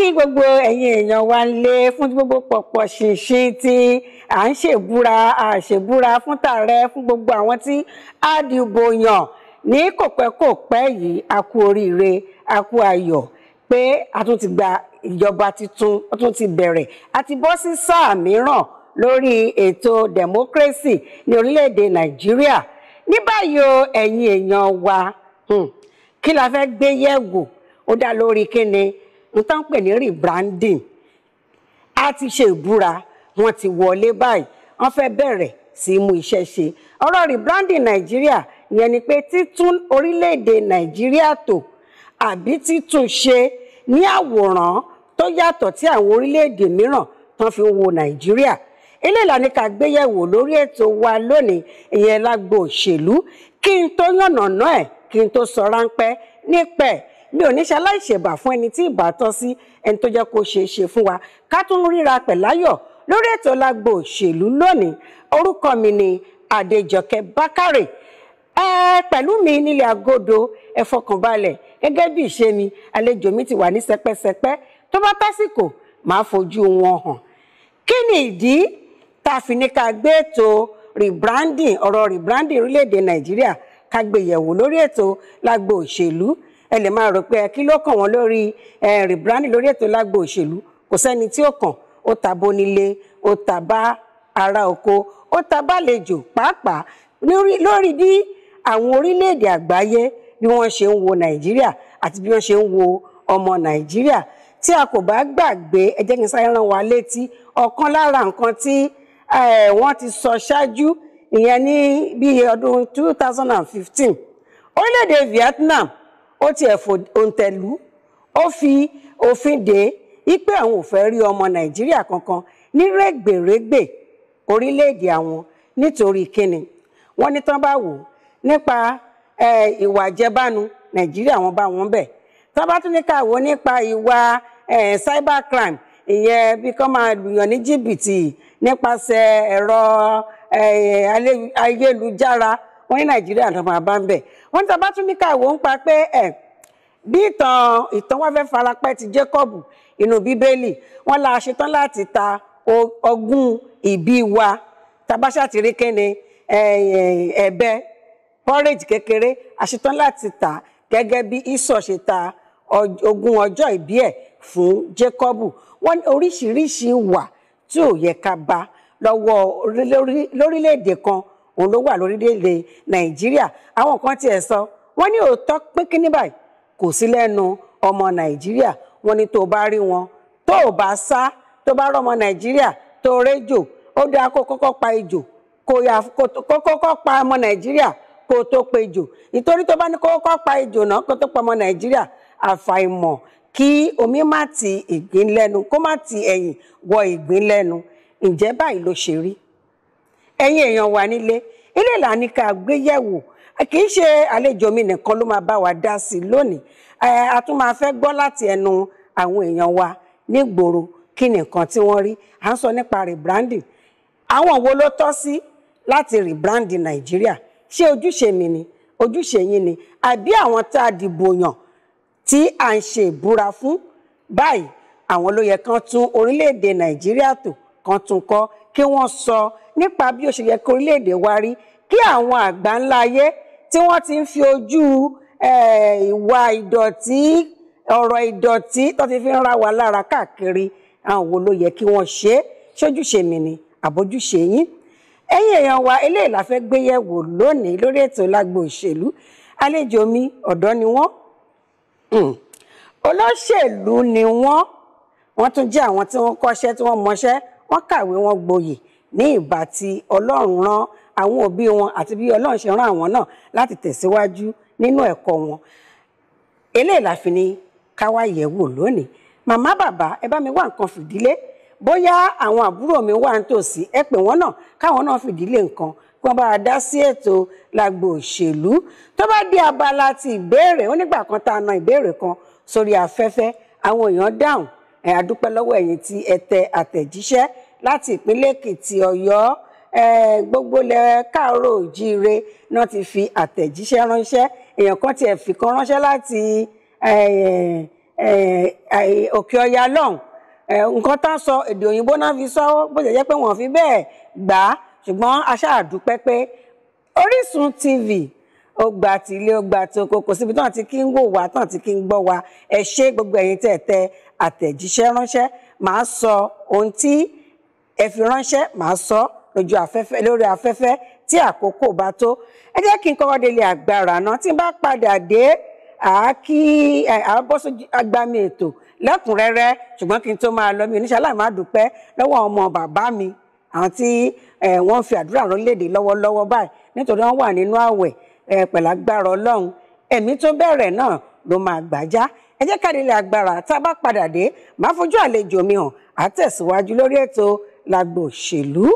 kí gbogbo ẹ̀yin èèyàn wa lé fún gbogbo pọ̀pọ̀ ṣìnṣìn tí à ń ṣèbúra àṣèbúra fún tààrẹ fún gbogbo àwọn tí á dìbò yàn ní kòpẹ́kòpẹ́ yìí a kú oríire a kú ayọ̀ pé a tún ti gba ìjọba tuntun ó tún ti bẹ̀rẹ̀ a ti bọ́ sí sáà mìíràn lórí ètò democracy ní orílẹ̀-èdè nàìjíríà ní báyìí o ẹ̀yin èèyàn wa hmm, kí la fẹ́ gbé yẹ̀wò ó dá lórí kíni n tán pè ní rebranding a ti ṣe ìbúra wọn ti wọlé báyìí wọn fẹ́ bẹ̀rẹ̀ sí mú iṣẹ́ ṣe ọ̀rọ̀ rebranding nàìjíríà yẹn ni pé títún orílẹ̀-èdè nàìjíríà tò àbí títún ṣe ní àwòrán tó yàtọ̀ tí àwọn orílẹ̀-èdè mìíràn tán fi ń wo nàìjíríà eléyìí la ní ká gbéyẹ̀wò lórí ètò wa lónìí ìyẹn lágbo òṣèlú kí n tó yànnàná ẹ̀ kí n tó sọ ráńpẹ́ nípẹ̀ mi ò ní ṣe aláìṣẹ̀bà fún ẹni tí ìbá tọ́ sí ẹni tó jẹ́ kó ṣe é ṣe fún wa ká tún ríra pẹ̀láyọ̀ lórí ètò lágbo òṣèlú lónìí orúkọ mi ni Adéjọkẹ́ Bákàrè ẹ pẹ̀lú mi nílé agodo ẹ fọkànbalẹ̀ gẹ́gẹ́ bí ìṣe mi àlejò mi ti wà ní sẹpẹ́sẹpẹ́ tó bá tásìkò máa fojú wọn hàn kí ni ìdí tá a fi ní ká gbé ètò rebranding ọ̀rọ̀ rebranding orílẹ̀-èdè Nàìjíríà ká gbé yẹ̀wò lórí ètò lágbo òṣèlú ẹ lè máa rò pé ẹ kí ló kàn wọ́n lórí rebranding lórí ètò lágbo òṣèlú kò sẹ́ni tí ó kàn ó ta bonílé ó ta bá ará oko ó ta bá àlejò pàápàá lórí bí àwọn orílẹ̀-èdè àgbáyé bí wọ́n ṣe ń wo nàìjíríà àti bí wọ́n ṣe ń wo ọmọ nàìjíríà tí a kò bá gbàgbé ẹ jẹ́ kí n sáré rán wa létí ọ̀kan lára nǹkan tí wọ́n ti sọ ṣáájú ìyẹn ní bíi ọdún 2015 orílẹ̀-èdè Vietnam ó tiẹ̀ fò òǹtẹ̀lú ó fi òfin dè é pé àwọn ò fẹ́ rí ọmọ nàìjíríà kankan ní rẹ́gbẹ̀rẹ́gbẹ̀ orílẹ̀-èdè àwọn nítorí kíni wọ́n ní tán bá wò nípa ìwà àjẹbánu nàìjíríà wọn bá wọn bẹ̀ tán bá tún ní ká wò nípa ìwà cyber crime ìyẹn bí kán máa lùyàn ní jìbìtì nípasẹ̀ ẹ̀rọ ayélujára wọ́n ní nàìjíríà ló máa bá ń bẹ̀ wọ́n ní tá a bá tún ní káàwó ń pa pé ẹ̀ bí ìtàn ìtàn wọn fẹ́ farapẹ́ ti Jacob inú bíbélì wọ́n la ṣetán láti ta ogún ìbí wa tabasa ti rí kéne ẹ̀bẹ porridge kékeré àṣetán láti ta gẹ́gẹ́ bí Ísọ̀ ṣe ta ogún ọjọ́ ìbí ẹ̀ fún Jacob wọ́n ní oríṣiríṣi wà tí ò yẹ ká bá lọ́wọ́ lórílẹ̀ kan òun ló wà lórílẹ̀‐èdè nàìjíríà àwọn kan tiẹ̀ sọ wọ́n ní òótọ́ pínkín ní báyìí kò sí lẹ́nu ọmọ nàìjíríà wọ́n ní tó bá rí wọn tó o bá sá tó bá rọmọ nàìjíríà tó réjò ó dáa kó kọ́kọ́ pa ejò kó kọ́kọ́ pa ọmọ nàìjíríà kó o tó pejò nítorí tó bá ní kó kọ́kọ́ pa ejò náà kó tó pa ọmọ nàìjíríà àfàìmọ̀ kí omi má ti ìgbín lẹ́nu kó má ti ẹ̀yìn wọ ìgbín lẹ́nu ǹjẹ́ báyìí ló ṣe rí ẹ̀yin èèyàn wa nílé ilé ìlànà ká gbé yẹ̀wò kì í ṣe àlejò mi nìkan ló máa bá wa dá sí i lónìí a tún máa fẹ́ gbọ́ láti ẹnu àwọn èèyàn wa nígboro kí ni nǹkan tí wọ́n rí à ń sọ nípa rebranding àwọn wo ló tọ́ sí láti rebranding Nàìjíríà ṣé ojúṣe mi ni ojúṣe yín ni àbí àwọn tá a dìbò yàn tí à ń ṣe ìbúra fún báyìí àwọn ló yẹ kán tún orílẹ̀-èdè Nàìjíríà tò kán tún kọ́ kí wọ́n sọ nípa bí ó ṣe yẹ kí orílẹ̀-èdè wa rí kí àwọn àgbà ńlá ayé tí wọ́n ti ń fi ojú ìwà ìdọ̀tí ọ̀rọ̀ ìdọ̀tí tó ti fi ń ra wa lára káàkiri àwọn wo ló yẹ kí wọ́n ṣe é mi ni àbójúṣe yín ẹ̀yin èèyàn wa eléyìí la fẹ́ gbé yẹ̀wò lónìí lórí ètò lágbo òṣèlú àlejò mi ọ̀dọ́ ni wọ́n hmm. olóṣèlú ni wọ́n wọ́n tún jẹ́ àwọn tí wọ́n kọ́ṣẹ́ tí wọ́n mọṣẹ́ wọ́n kàwé wọ́n gboyè ní ìbá tí ọlọ́run rán àwọn òbí wọn àti bí ọlọ́run ṣe rán àwọn náà láti tẹ̀síwájú nínú ẹ̀kọ́ wọn eléyìí la fi ní ká wá yẹ̀ wò lónìí màmá bàbá ẹ bá mi wá nǹkan fìdílé bóyá àwọn àbúrò mi wà nítòsí ẹ pè wọ́n náà káwọn náà fìdílé nǹkan kí wọ́n bá a dá sí ètò làgbo òṣèlú tó bá di abala ti ìbéèrè ó nígbà kan tá a na ìbéèrè kan sórí afẹ́fẹ́ àwọn èèyàn dáhùn ẹ̀ a lọ́wọ́ ẹ̀yin tí ẹ tẹ àtẹ̀jíṣẹ́ láti ìpínlẹ̀ èkìtì ọ̀yọ́ gbogbo lẹ káàárọ̀ òjíire náà ti fi àtẹ̀jíṣẹ́ ránṣẹ́ èèyàn kan tiẹ̀ fi kan ránṣẹ́ láti òkè ọya lọ́hùn nǹkan tá a sọ èdè òyìnbó náà fi sọ bó ṣe jẹ́ pé wọ́n fi bẹ́ẹ̀ gbà á ṣùgbọ́n a pé Orísun TV ó gbà tí ilé ó gbà tó kókó síbi tán ti kí ń wò wá tán ti kí ń gbọ́ wá ẹ ṣé gbogbo ẹ̀yin tẹ̀ tẹ àtẹ̀jíṣẹ́ ránṣẹ́ màá sọ ohun tí ẹ fi ránṣẹ́ màá sọ lójú afẹ́fẹ́ lórí afẹ́fẹ́ tí àkókò bá tó ẹ jẹ́ kí n kọ́kọ́ délé agbára náà tí n bá padà dé àákí àbọ́sọ agbami ètò lẹ́kùnrẹ́rẹ́ ṣùgbọ́n kí n tó máa lọ mi oníṣẹ́ aláìmádùpẹ́ lọ́wọ́ ọmọ bàbá mi àwọn tí wọ́n fi àdúrà rán léde lọ́wọ́lọ́wọ́ báyìí nítorí wọ́n wà nínú àwẹ̀ pẹ̀lágbára ọlọ́run ẹ̀mí tó bẹ̀rẹ̀ náà ló máa gbàjá ẹ jẹ́ ká délé agbára tá a bá padà dé màá fojú àlejò mi hàn àtẹ̀síwájú lórí ètò lágbo òṣèlú.